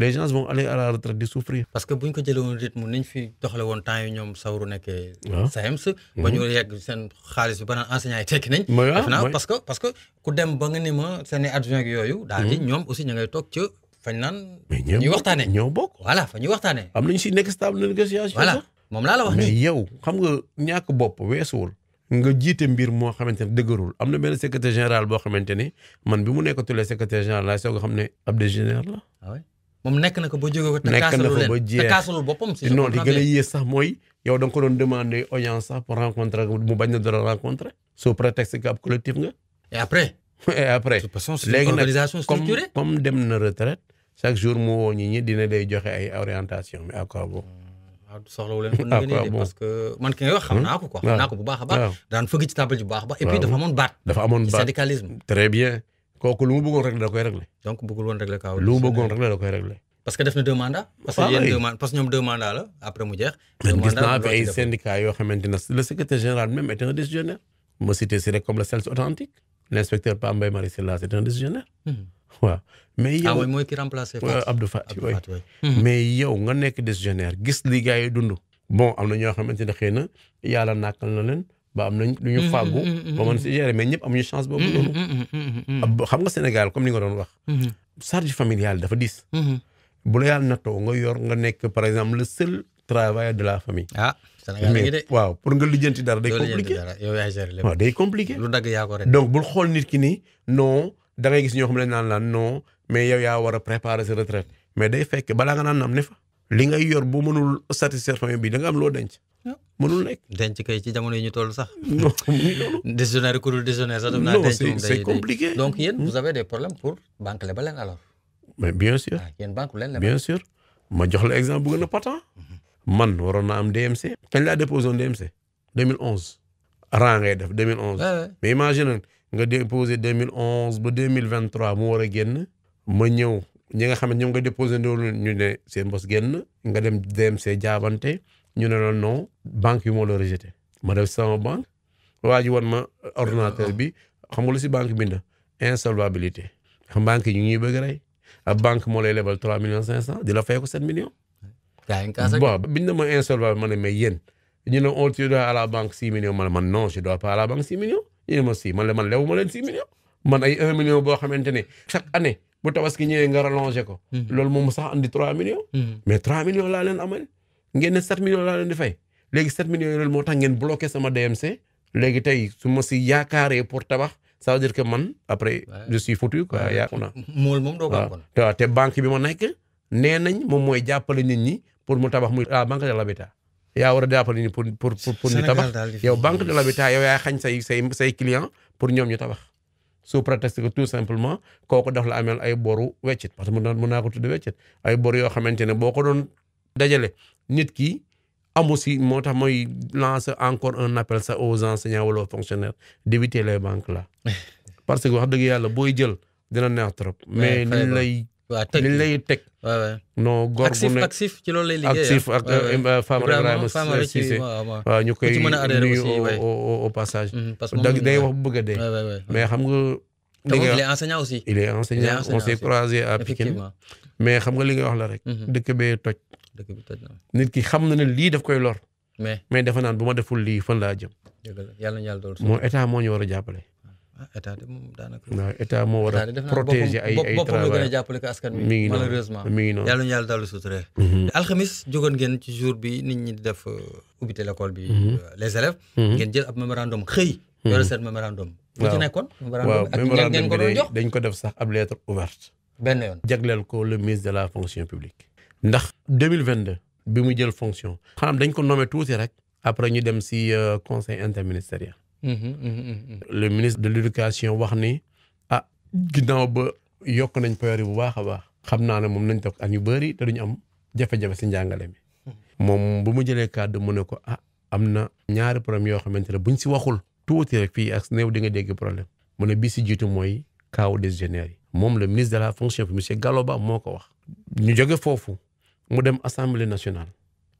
les gens vont aller à la retraite di parce que bu ñu ko jëlee woon rythme niñ fi doxale woon temps ñoom Sawru nekkee. waaw ah. SAEMS. Mhm. yegg seen xaalis bi ba naan enseignants yi tekki nañ. Ah, mooy parce que parce que ku dem ba nga ni ma seen i adjoint yooyu. daal di mhm. ñoom aussi ñu ngay toog ca fañ naan. mais ñoo bokk ñoo bokk voilà fa ñuy waxtaanee. am nañu si nekk stable négociation. voilà moom laa la wax mais yow xam nga ñàkk bopp weesuwul. nga jiite mbir moo xamante ne dëgërul am na benn secrétaire boo xamante ni man bi mu nekkatul secrétaire général laay xam ne ab de moom nekk na ko ba jóge ko te kaasalu leen te kaasalul boppam si a yées mooy yow da nga ko doon demander audience sax pour rencontrer mu bañ na doon rencontrer sous prétexte que collectif nga et après et après léegi comme dem na retraite chaque jour mu woo ñi ñi dina day joxe ay orientation mais à quoi bon ah, man ki ngay xam hmm? naa ko quoi xam naa ko bu baax a baax daan fëgg ci table ji baax a baax et puis dafa amoon baat dafa amoon baat syndicalisme bien kooku lu mu bëggoon régler da koy régler. donc lu mu bëggoon régler da koy régler. parce que def na deux parce que ñoom deux la après mu jeex. deux ma cité si rek comme le CELS authentique l' inspecteur Pape Marie Sylla c' est un décisionnaire. Hmm. waaw mais yow nga nekk décisionnaire gis li gars bon am na ñoo xamante ne xëy na yàlla nàkkal na leen. ba am nañ lu ñu mm-hmm, fàggu mm-hmm, ba mën mm-hmm. si gérer mais ñëpp amuñu chance boobu noonu xam nga Sénégal comme ni nga doon wax charge familiale dafa diis bu la yàlla nattoo nga yor nga nekk par exemple le seul travail de la famille ah Sénégal léegi de waaw pour nga compliqué donc bul xool nit ki ni non da ngay gis ñoo xam ne naan la non mais yow yaa war a préparer sa retraite mais day fekk balaa nga naan am ne li nga yor bu mënul satisfaction bi da nga am loo denc. Ah. mënul nekk. denc kay ci jamono yi ñu toll sax. non décisionnaire ku dul décisionnaire sax. non c'est c'est compliqué donc yéen vous hmm? avez des problèmes pour banque lebal leen alors. mais bien sûr ah yéen banque leen ma jox la exemple bu gën a mhm. man waroon naa am DMC. kañ laa déposé woon DMC. 2011. raa ngay def 2011. mais imagine nga déposé 2011 ba 2023 mu war a génn. ma ñëw. ñi nga xam ne ñoom nga déposé ndoolu ñu seen bos nga dem DMC jaabante ñu ne la non banque yu moo la rejeté ma def sama banque waa ji wan ma ordinateur bi xam nga lu si banque bi na insolvabilité xam banque yi ñu ñuy bëgg rey ak banque moo lay lebal trois millions cinq cent di la fay ko sept millions. waaw ma insolvable ma ne mais ñu ne on tu dois à la banque six millions ma ne man non je dois pas la banque six millions ñu ne ma si man la man lewu ma leen six millions man ay 1 million boo xamante ne chaque année bu tabaski ñëwee nga rallongé ko. Hmm. loolu moom sax andi 3 millions. Hmm. mais 3 millions laa leen amal ngeen ne 7 millions laa leen di fay léegi 7 millions yooyu moo tax ngeen bloqué sama DMC. léegi tey su ma si yaakaaree pour tabax ça veut dire que man après je suis foutu quoi yaaku naa. mool moom doo ko am te banque bi ma nekk nee nañ moom mooy jàppale nit ñi pour mu tabax muy ah banque de l'habitat yaa war a jàppale nit pour pour pour ñu tabax yow banque de l'habitat yow yaa xañ say say say client pour ñoom ñu tabax. sous prétexte que tout simplement kooku daf la ameel ay boru weccit parce que mën naa mën naa ko tudde weccit ay bor yoo xamante ne boo ko doon dajale nit ki amu si moo tax mooy lancer encore un appel ça aux enseignants wala aux fonctionnaires d'éviter les banques là parce que wax dëgg yàlla booy jël dina neex trop mais liñ lay waaw teg liñ lay teg. non góor bu ne actif ci loolu lay liggéey a ak ah. euh, Famara euh, ñu koy nuyu au au passage. Mm-hmm, parce que day wax bu bëgg a dee. mais xam nga. li nga il aussi. il est on s'est mais xam nga li nga wax la rek. Mm-hmm. dëkk bee toj. dëkk nit ki xam na ne lii daf koy lor. mais mais dafa naan bu ma deful lii fan laa jëm. yàlla na yàlla moo état moo ñu war a jàppale. Ah, état de moom daanaka. waaw état moo war a protéger ay ay boppam ñu yàlla daal di suturee. Mhm. alxamis jógoon ngeen ci jour bi nit ñi di def euh, ubbite l'école bi. Mhm. Euh, les élèves. Mhm. ngeen jël ab mémorandum xëy. yore seen mémorandum. waaw bu ci nekkoon. mémorandum ak ñan ngeen ko doon jox dañ ko def de la fonction publique. ndax 2022 bi mu jël fonction. xanaa dañ ko nommé tuuti rek. après ñu dem si euh, conseil interministériel. Mm-hmm, mm-hmm, mm-hmm. le ministre de l'éducation wax ni ah ginnaaw ba yokk nañ priorité bu baax a baax xam naa ne moom nañ toog at yu bëri te duñu am jafe-jafe si njàngale mi moom bu mu jëlee kàddu mu ne ko ah am na ñaari problème yoo xamante ne buñ si waxul tuuti rek fii ak néew di nga dégg problème mu ne bi si jiitu mooy kaaw décisionnaire yi moom le ministre de la fonction publique monsieur Gallo Ba moo ko wax ñu jóge foofu mu dem assemblée nationale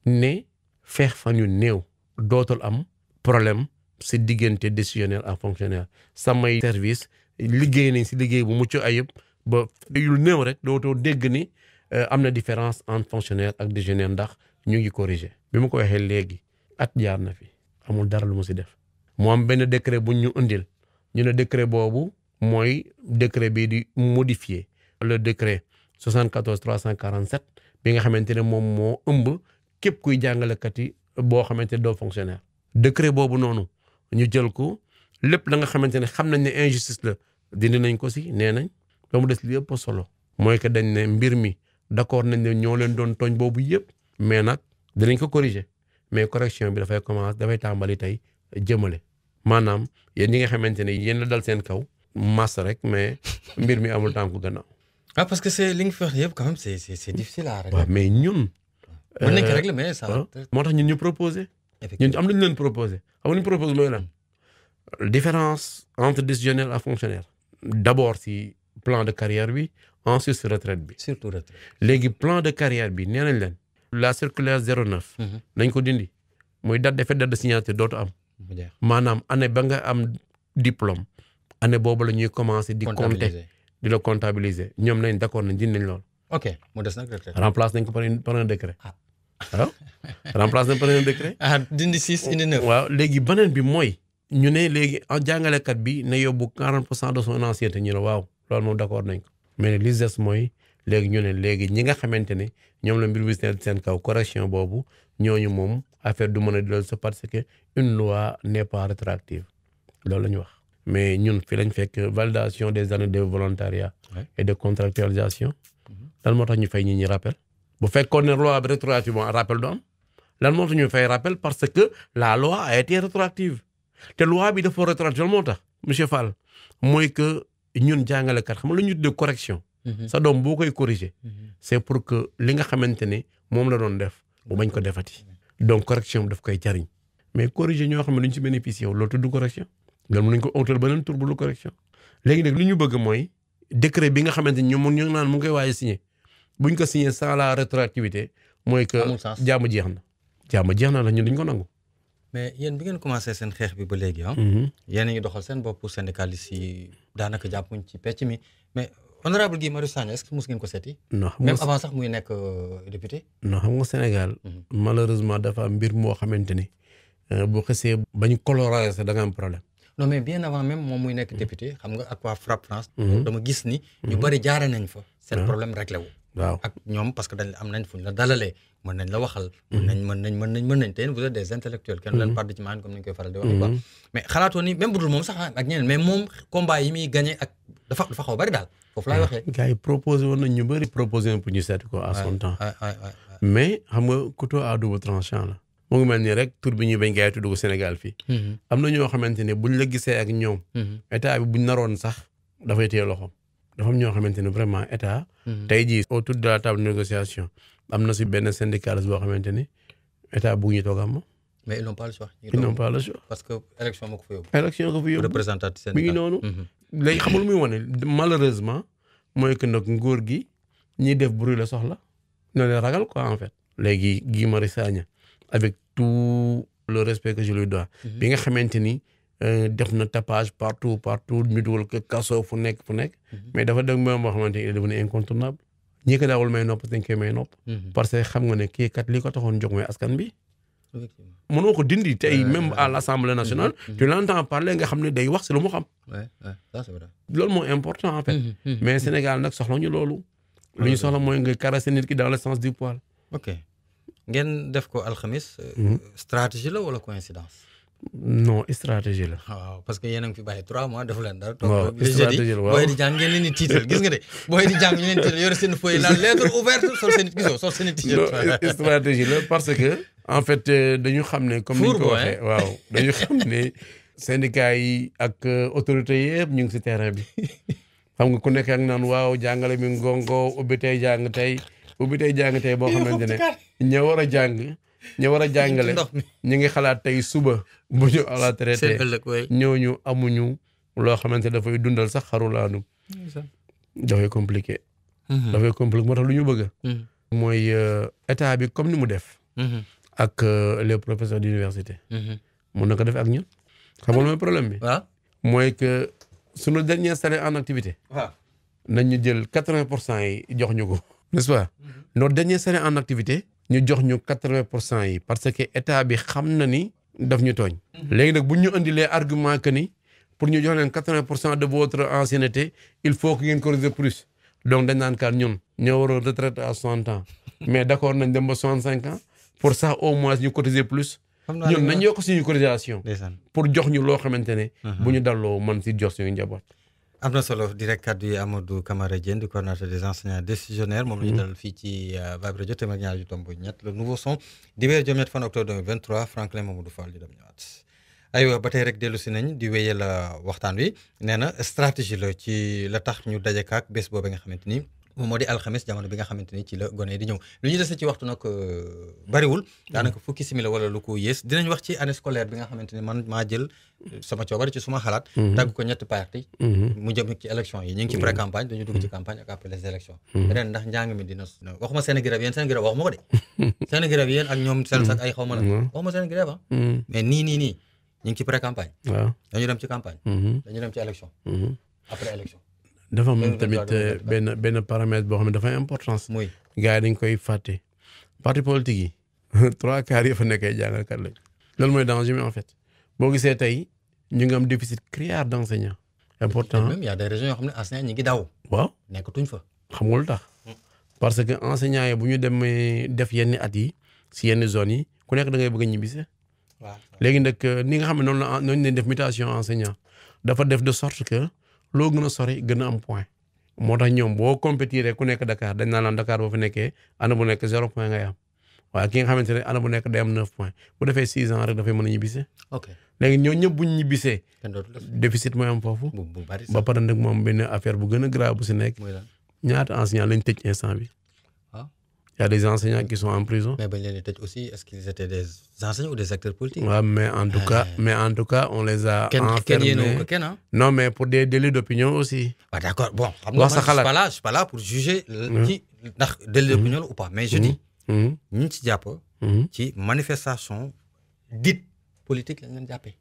ne feex fan yu néew dootul am problème si diggante décisionnaire ak fonctionnaire samay service liggéey nañ si liggéey bu mucc ayib ba yu néew rek dootoo dégg ni euh, am na différence entre fonctionnaire ak décisionnaire ndax ñu ngi corriger bi mu ko waxee léegi at jaar na fi amul dara lu mu si def mu am benn décret bu ñu indil ñu ne décret boobu mooy décret bi di modifier le décret 74 347 bi nga xamante ne moom moo ëmb képp kuy jàngalekat yi boo xamante ne doo fonctionnaire décret boobu noonu ñu jël ko lépp la nga xamante ne xam nañ ne injustice la dindi nañ ko si nee nañ ba des li ëpp solo mooy que dañ ne mbir mi d'accord nañ ne ñoo leen doon tooñ boobu yëpp mais nag dinañ ko corriger mais correction bi dafay commencer dafay tàmbali tey jëmale maanaam yéen ñi nga xamante ne yéen la dal seen kaw masse rek mais mbir mi amul tànku gannaaw. ah parce que c'est li nga fi yëpp quand même c'est difficile à régler. waaw mais ñun. mën nañ ko euh, régler mais ça. Ah, moo tax ñun ñu proposé. ñun am nañu leen proposé xam nañu proposé mooy lan différence entre décisionnaire ak fonctionnaire d'abord si plan de carrière bi en si retraite bi. surtout retraite léegi plan de carrière bi nee nañ leen. la circulaire 09. Mhm. nañ ko dindi muy date d'effet date de signature dootu am. maanaam année ba nga am diplôme année boobu la ñuy commencer. di compter di la comptabiliser ñoom nañ d'accord nañ dindi nañ loolu. ok mu des nag retraite. nañ ko par un par waaw remplace na beneen décret. ah dindi six indi neuf. waaw léegi beneen bi mooy. ñu ne léegi jàngalekat bi na yobbu quarante pour cent de son ancienneté ñu ne waaw loolu moom d' na nañ ko mais li des mooy léegi ñu ne léegi ñi nga xamante ne ñoom la mbir mi seen kaw correction boobu ñooñu moom affaire du mën a dellu sa parce que une loi n' est pas rétroactive loolu la ñu wax. mais ñun fi lañ fekk validation des années de volontariat. et de contractualisation. Mm-hmm. lan moo tax ñu fay ñi ñi rappel. bu fekkoon ne loi rétroactive moom rappel du am lan moo tax ñu fay rappel parce que la loi a été rétroactive te loi bi dafa rétroactive moo tax monsieur Fall mooy que ñun jàngalekat xam nga lu ñu tuddee correction. Mhm. sa doom boo koy corriger. Mhm. c'est pour que li nga xamante ne moom la doon def bu bañ ko defati. donc correction daf koy jariñ mais corriger ñoo xam ne duñ ci bénéficier wu loolu tudd correction. loolu mën nañ ko utal beneen tur bu lu correction. léegi nag li ñu bëgg mooy décret bi nga xamante ni ñoom ñu naan mu ngi koy waaye bu buñ ko signé san la rétroactivité mooy que jàmm jeex na jàmm jeex na la ñun duñ ko nangu mais yéen bi ngeen commencé seen xeex bi ba léegi ah mhm. yéen a ngi doxal seen bopp syndicalistes yi daanaka jàppuñ ci pecc mi mais honorable Guy Marius Sagna est-ce que mos ngeen ko seeti non même avant sax muy nekk euh, député non xam nga Sénégal mhm. malheureusement dafa am mbir moo xamante ni euh, bu xesee bañ coloré sa da nga am problème non mais bien avant même moom muy nekk mhm. député xam nga ak waa dama gis ni ñu bëri jaare nañ fa seen ah. problème réglé wu waaw ak ñoom parce que dañ am nañ fu ñu la dalalee mën nañ la waxal mën nañ mën nañ mën nañ mën vous êtes des intellectuels kenn leen mm-hmm. part du ci maan comme ni ñu koy faral di wax quoi mm-hmm. mais xalaatoo ni même budul moom sax ak ñeneen mais ah, proposé woon ñu bëri proposé pour ñu seet ko à son mais xam nga couteau à double la mu ngi mel nii rek tur bi ñuy bañ gars yi tudd Sénégal fii mm-hmm. am na ñoo xamante ne buñ la gisee ak ñoom état bi buñ naroon sax dafay téye loxoom dafa am ñoo xamante ne vraiment état. Hmm. tey jii autour de la table de négociation am na si benn syndicaliste boo xamante ni état bëgg ñu toog am ma. mais ils n'ont pas le choix. que élection moo ko fa yóbbu. élection ko fa yóbbu représentatif syndical mi ngi noonu. Hmm. malheureusement mooy que nag nguur gi ñiy def bruit la soxla ñoo leen ragal quoi en fait. léegi Guy Marius Sagna avec tout le respect que je lui dois. Hmm. bi nga xamante ni. Euh, def na tapage partout partout ñu dugal ko kaso fu nekk fu nekk. Mhm. mais dafa dem moom boo xamante ni il est devenu incontournable. ñi ko daawul may nopp dañ koy may nopp. Mhm. parce que xam nga ne kii kat li ko taxoon jox mooy askan bi. mënoo ko dindi tey même à l' assemblée nationale. Mhm, tu l' entends parler nga xam ne day wax lu xam. loolu moo important en mais Sénégal nag soxla ñu loolu. lu ñu soxla mooy nga caresser nit ki dans le sens du poil. def ko alxamis. Euh, stratégie la wala coïncidence. non stratégie la. Ah, waaw parce que yéen a ngi fi bàyyi trois mois defu leen dara. waaw stratégie la waaw booy di jàng ngeen leen gis nga de booy di jàng ñu leen di tiital yore seen feuille la lettre ouverte sol seen gisoo sol seen tiital. non stratégie la parce que. en fait euh, dañu xam ne. comme ni ko waaw dañu xam ne. syndicats yi ak euh, autorités yëpp ñu ngi si terrain bi xam nga ku nekk ak naan waaw jàngale mi ngongo ubbi tey jàng tey ubbi tey jàng tey boo xamante ne ña war ñu war a jàngale ñu ngi xalaat tey suba bu ñu ala traité ñooñu amuñu loo xamante dafay dundal sax xarulaanu dafay compliqué mhm. dafay compliqué moo tax lu ñu bëgg mhm. mooy euh, état bi comme ni mu def mhm. ak euh, le professeurs d'université mun na ko def ak ñun xam nga mooy problème bi ah. mooy que sunu dernier salaire en activité ah. nañ ñu jël quatre-vingt pour cent yi jox ñu ko n'est-ce pas notre dernier salaire en activité ñu jox ñu quatre-vingts pour cent yi parce que état bi xam na ni daf ñu tooñ. Mhm. léegi nag bu ñu indilee argument que ni pour ñu jox leen quatre-vingts pour cent de votre ancienneté il faut que ngeen corriger plus donc dañ naan kat ñun ñoo war retraite à soixante ans mais d' accord nañ dem ba soixante-cinq ans pour ça au moins ñu cotiser plus. ñun nañ yokk suñu cotisation. pour jox ñu loo xamante ne. Mhm. bu ñu dalloo man si jox suñu njaboot. am na solo di rek kàddu yi Amadou Camara Diène di coordonnateur des enseignants décisionnaires moom lañu mm-hmm. dalal fii ci euh, Vibe Radio téeméer ñaar ju tomb ñett le nouveau son di weer juróom-ñett fan octobre 2023 Franklin Mamadou Fall di dem ñëwaat aywa ba tey rek dellu si nañ di wéyal euh, waxtaan wi nee na stratégie la ci la tax ñu daje kaak bés boobu nga xamante ni moom moo di alxames jamono bi nga xamante ni ci la gone di ñëw lu ñu dese ci waxtu nag euh, bariwul mm-hmm. daanaka fukki simila wala lu ko yées dinañ wax ci année scolaire bi nga xamante man maa jël euh, sama coobare ci suma xalaat mm-hmm. tàgg ko ñetti parti mm-hmm. mu jëm ci élection yi ñu ngi ci pré campagne dañu dugg ci campagne ma la ah. dañu dem ci campagne après élection dafa am tamit eh, benn benn paramètre boo xam ne dafay importance. muy gars yi koy fàtte. parti politique yi trois quarts yi fa nekkee jàngalkat lañ. loolu mooy danger mi en fait boo gisee tey ñu ngi am déficit criard d' enseignants. important même y a xam ne enseignants ñi ngi daw. waaw nekkatuñ fa. xam nga lu tax mm. parce que enseignants yi bu ñu demee def yenn at yi si yenn zones yi ku nekk da ngay bëgg a ñibbise. waaw léegi nag eh, ni nga xam ne noonu la noonu lañ def mutation enseignant dafa def de sorte que. loo gën a sori gën a am point moo tax ñoom boo compétiré ku nekk Dakar dañ naan laan Dakar boo fi nekkee ana bu nekk zéro point ngay am waaye ki nga xamante ne ana bu nekk day am neuf point bu defee six ans rek dafay mën a ñibbisee. ok léegi ñoo ñëpp bu ñu ñibbisee. déficit mooy am foofu. ba pare nag moom benn affaire bu gën a grave si nekk. ñaata enseignant lañ tëj instant bi. y a des enseignants qui sont en prison. mais bañ leen di tëj aussi est-ce qu'ils en tout cas ah. mais en tout cas on les a. enfermés non mais pour des délits d'opinion aussi. waaw d'accord bon xam nga man je suis pour juger. Mm-hmm. ci ndax mm-hmm. ou pas mais je dis. Mm-hmm. ci jàpp. ci manifestation dite politique lañ leen jàppee.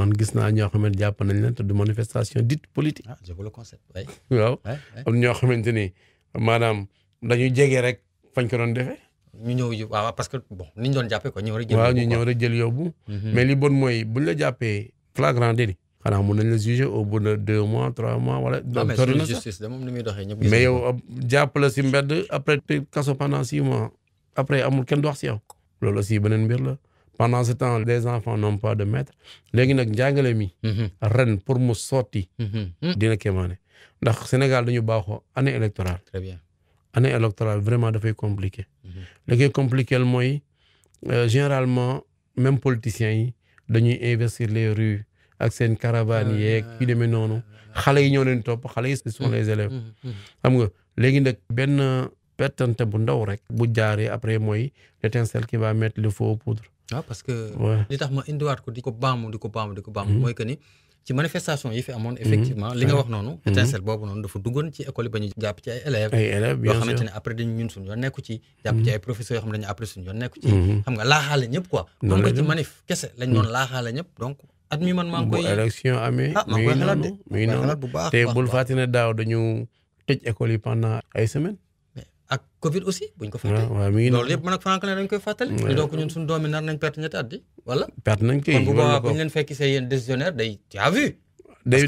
man gis naa ñoo xamante ne jàpp nañ leen te du manifestation dite politique. ah je vois le concept waaw am ñoo xamante rek. fañ ko doon defee. ñu ñëw yi waaw parce que mhm. bon mooy buñ la jàppee flagrant délit. xanaa la juger au bout mois trois mois wala. donc si mbedd après kaso pendant mois après amul kenn dox si yow. loolu aussi beneen mbir la pendant ce enfants n'ont pas de maître léegi nag njàngale mhm. ren pour mu sotti. Mhm. dina kéemaane ndax Sénégal dañu baaxoo année électorale. année électorale vraiment dafay compliqué li koy compliqué mooy euh, généralement même politiciens yi dañuy investir les rues ak seen caravan yeeg yu demee noonu xale yi ñoo leen topp xale yi ce sont les élèves mm, mm, mm, xam nga léegi nag benn pertante bu ndaw rek bu jaaree après mooy l'étincelle qui va mettre le feu aux ah, parce que li tax ma indiwaat ko di ko baamu di ko baamu di ko baamu mm-hmm. mooy que ni ci manifestation yi fi amoon mhm. effectivement li nga wax noonu mhm. étincelle boobu noonu dafa duggoon ci école yi ba ñu jàpp ci ay élèves yoo xamante ne après dañu ñun suñu yoon nekku ci mhm. jàpp ci ay professeurs yoo xam dañu après suñu yoon nekku ci xam nga laaxaale ñëpp quoi xam nga ci manif kese lañ doon laaxaale ñëpp donc at mi man maa koy élection ah, koy xalaat de mi ngi noonu bu baax te bul fàttali ne daaw dañu tëj école yi pendant ay semaines ak Covid aussi buñ ko fàtte. waaw mi ngi loolu yëpp man ak Franklin dañ koy fàttali. donc ñun suñu doomi nar nañ perte ñetti at di. wala perte nañ kii ñu fekki see décisionnaire day tu as vu. day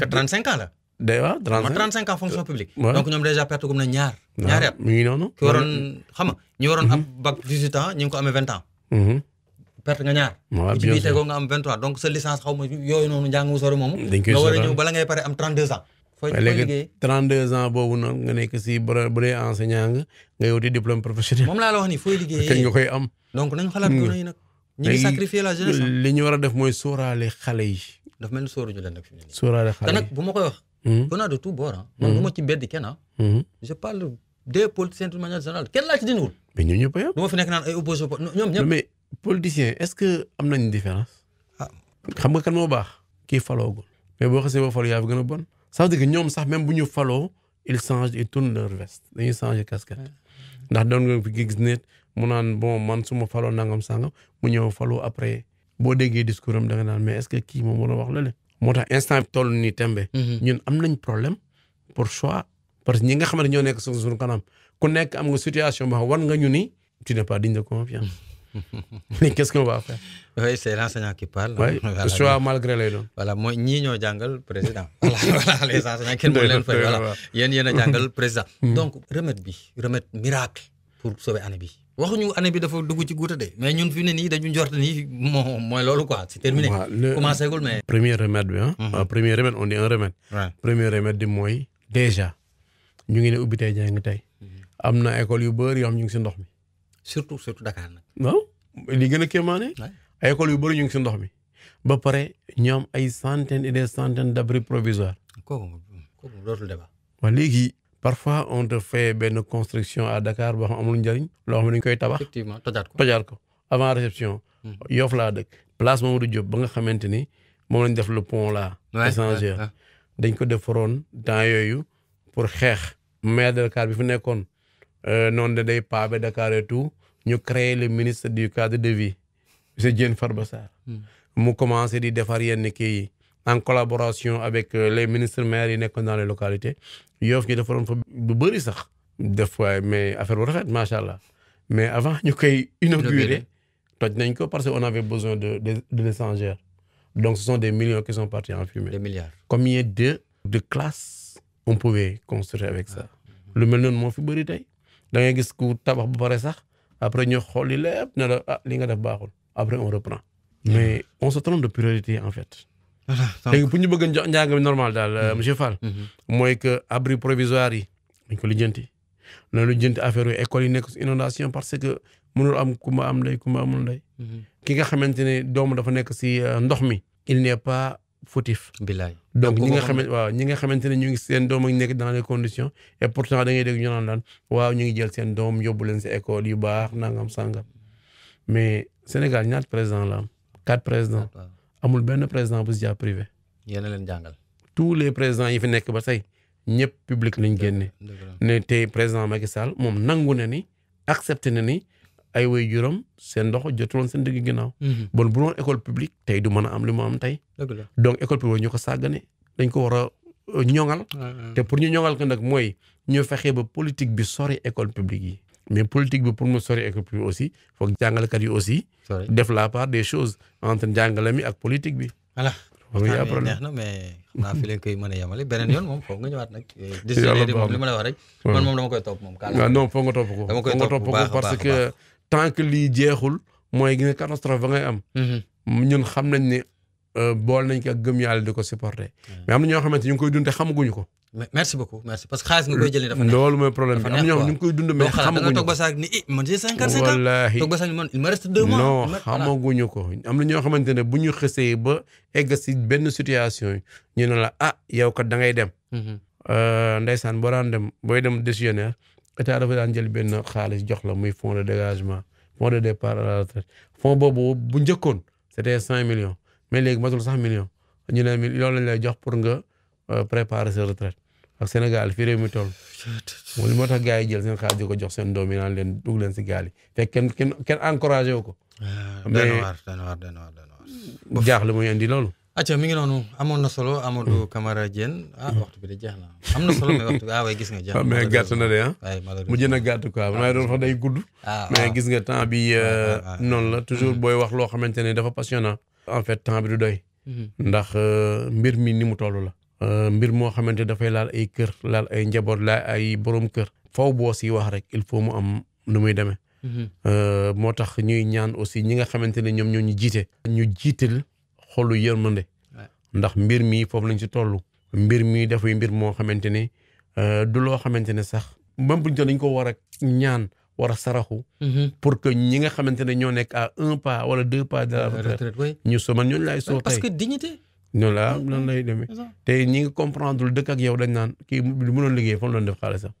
parce que ans fonction publique. donc ñoom déjà perte gum ñaar. ñaari ngi ki waroon xam ñi waroon am mhm. bac 18 ans ñi ko amee 20 ans. Mhm. perte nga ñaar. waaw bi ci biir nga am 23 donc sa licence xaw ma yooyu noonu njàng nga war a ñëw bala fooy liggéey léegi 32 ans boobu noonu nga nekk si bu dee enseignant nga nga yow di diplôme professionnel. moom laa la wax ni fooy liggéey kañ nga koy am. donc nañ xalaat gone yi nag. ñu ngi sacrifier la jeunesse li ñu war a def mooy sóoraale xale yi. dafa mel ni sóoru ñu leen nag fi mu ne nii. sóoraale xale yi te nag bu ma koy wax. Hmm. gone de tout bord ah. man bu ma ci bedd kenn ah. je parle des politiciens de manière générale kenn laa ci dindiwul. mais ñooñu ñëpp a yem. bu ma fi nekk naan ay opposé ñoom ñëpp. mais politicien est-ce que am nañ différence. ah xam nga kan moo baax. kii faloogul. mais boo xasee ba fal yaa fi gën a bon ça veut dire ñoom sax même bu ñu faloo ils changent ils tournent leur veste dañuy changer casquette ndax doon nga fi gis nit mu naan bon man su ma faloo nangam sangam mu ñëw faloo après boo déggee discours am da nga naan mais est ce que kii moom war a wax la moo tax instant toll nii tembe mm-hmm. ñun am nañ problème pour choix. parce que ñi nga xamante ñoo nekk suñu suñu kanam ku nekk am nga situation ba xam war nga ñu ni tu n'es pas digne de confiance. ni qu'est-ce qu'on va faire. oui c'est l'enseignant mooy ñii ñoo jàngal président. voilà voilà les yéen yéen a jàngal président. donc remède bi remède pour sauver année bi. waxuñu année bi dafa dugg ci guuta mais ñun fi ne nii dañu njort nii moo mooy loolu quoi c'est terminé. commencé gul bi ah. premier remède on dit un bi mooy déjà ñu ngi ne ubbi tey jàng tey. Mm-hmm. am na école yu bëri yoo xam ñu ngi si ndox mi. surtout surtout Dakar nag. waaw li gën a kéemaane ay école yu bëri ñu ngi si ndox mi ba pare ñoom ay centaines et des centaines d'abris provisoires kooku kooku dootul débat waaw léegi parfois on te fait benn construction à Dakar boo xam amul njëriñ loo xam ne koy tabax effectivement tojaat ko tojaat ko avant réception hmm. Yoff laa dëkk place Mamadou Diop ba nga xamante ni moom lañ def le pont là échanger dañ ko defaroon temps yooyu pour xeex mais de Dakar bi fi nekkoon euh, noonu da day paabe Dakar et tout ñu créer le ministre du cadre de vie monsieur Diène Farba Sarr hmm. mu commencé di defar yenn kii en collaboration avec euh, les ministres maires yi nekkoon dans localité localités Yoff ñu defaroon fa lu bëri sax def waaye mais affaire bu rafet macha allah mais avant ñu koy inaugurer toj nañ ko parce que on avait besoin de de donc ce sont des millions qui sont partis en fumée. des milliards combien de de classes on pouvait construire avec ah. lu mel noonu moo fi bëri tey da gis ku tabax bu pare sax. après ñu xool li lépp la ah nga def baaxul après on reprend. mais on se trompe de priorité en fait. léegi pour ñu bëgg a njàng mi normal daal euh, mm-hmm. monsieur Fall. Mm-hmm. mooy que abri provisoire yi dañ ko lijjanti. na lu jënti affaire yu école yi nekk inondation parce que mënul am ku am ndey ku ma amul ndey. Mm-hmm. ki nga xamante ne doom dafa nekk si euh, ndox mi. il n'est pas fautif. bilaay donc ñi nga xamante waaw ñi nga xamante ne ñu ngi seen doom ak nekk dans les conditions et pourtant da ngay dégg ñu naan daan waaw ñu ngi jël seen doomu yóbbu leen si école yu baax nangam sangam mais Sénégal ñaata président la am quatre présidents amul benn président bu si jàpp privé. yéen leen jàngal. tous les président yi fi nekk ba say ñëpp public lañ génne. ne tey président Macky Sall moom nangu na ni accepté na ni. ay way juram seen ndox jotuloon seen digg ginnaaw. Mhm. bon bu école publique tey du mën am li mu am tey. donc école publique ñu ko sàggane dañ ko war a euh, ñoŋal. te pour ñu ñoŋal ko nag mooy ñu fexe ba politique bi sori école publique yi. mais politique bi pour mu sori école publique aussi foog jàngalekat yi aussi. def la part des choses entre njàngale mi ak politique bi. voilà neex na mais naa fi leen koy mën a yemale beneen yoon moom foog nga ñëwaat nag. décider moom li ma la wax rek. man topp moom. Ah foog nga topp ko parce que. tant que lii jeexul mooy gis nga catastrophe am. Mhm. ñun xam nañ ne euh, bool nañ ko ak gëm yàlla di ko supporter. mais am na ñoo xamante ñu ngi koy dund te xamaguñu ko. merci beaucoup merci parce que xaalis nga koy jëlee dafa neex loolu mooy problème am na ñoo xam ñu ngi koy dund mais xamaguñu ba saag ni man ne bu ñu xësee ba egg si benn situation ñu ne la ah yow kat da ngay dem. Mhm. Euh, ndeysaan boo daan booy dem décisionnaire état dafa daan jël benn xaalis jox la muy fonds de dégagement fonds de départ à la boobu bu njëkkoon c'était cinq millions mais léegi matul sax million ñu ne loolu lañ lay jox pour nga euh, préparer sa retraite ak Sénégal fii réew mi toll. li moo tax gars yi jël seen xaalis di ko jox seen doom yi naan leen dugg leen si gaali yi fekk kenn kenn kenn encouragé wu ko. mais ah, jaaxle muy indi loolu. acca mi ngi noonu amoon na solo amoon Camara Diène ah waxtu jeex na am na solo mais ah, ah, waxtu ah, bi ah na eh, mais gàtt na de mu jën a gàtt quoi maa doon wax day gudd mais gis nga temps bi noonu la toujours hmm. booy wax loo xamante ne dafa passionnant en fait temps bi du doy hmm. ndax eh, mbir mi ni mu toll la eh, mbir moo xamante dafay laal ay kër laal ay njaboot laal ay boroom kër faw boo si wax rek il faut mu am nu muy demee hmm. moo tax ñuy ñaan aussi ñi nga xamante ne ñoom ñoo ñu jiite ñu jiital xolu yërmande ndax mbir mi foofu lañ ci toll mbir mi dafay mbir moo xamante ne euh, du loo xamante ne sax même buñ dañ ko war a ñaan war a saraxu mm-hmm. pour que ñi nga xamante ne ñoo nekk a un pas wala deux pas de la ñu so man ñooñu laay soo parce que dignité noonu la noonu lay demee te ñi ngi comprendre dëkk ak yow dañ naan kii lu mënoon liggéey fa mu doon def xaalis sax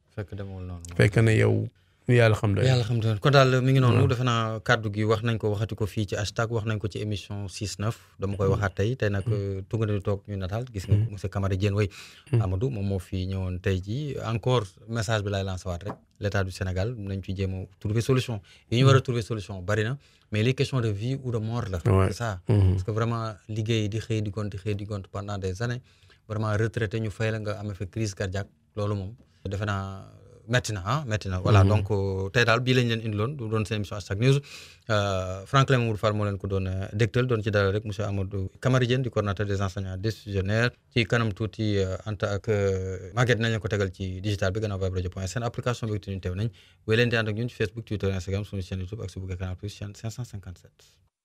fekk na yow yàlla xam doy yàlla xam doy kon daal mi ngi noonu defe naa gi wax nañ ko waxati ko fii ci hashtag wax nañ ko ci émission 6 9 dama koy waxaat tey tey nag mm. euh, tunga ne toog ñu nataal gis nga mm. monsieur Camara Diène way mm. Amadou moom moo fi ñëwoon tey ji encore message bi laay lancé waat rek l' état du Sénégal nañ ci jéem a trouver solution yi ñu war a trouver solution bari na mais les questions de vie ou de mort la c'est mm-hmm. parce que vraiment liggéey di xëy di gont di xëy di gont pendant métti na ah métti na voilà mhm. donc euh, tey daal bii lañ leen indiloon du doon seen émission Hashtag News euh, Franklin Mamoudou Fall moo leen ko doon euh, dégtal doon ci dalal rek monsieur Amadou Camara Diène di coordonnateur des enseignants décisionnaires ci kanam tuuti anta ak Maguette nañ ko tegal ci digital bi gannaaw Vibe Radio point application bi tuñu teew nañ wéy leen di ñun ci Facebook Twitter Instagram suñu chaîne YouTube ak suñu canal plus chaîne 557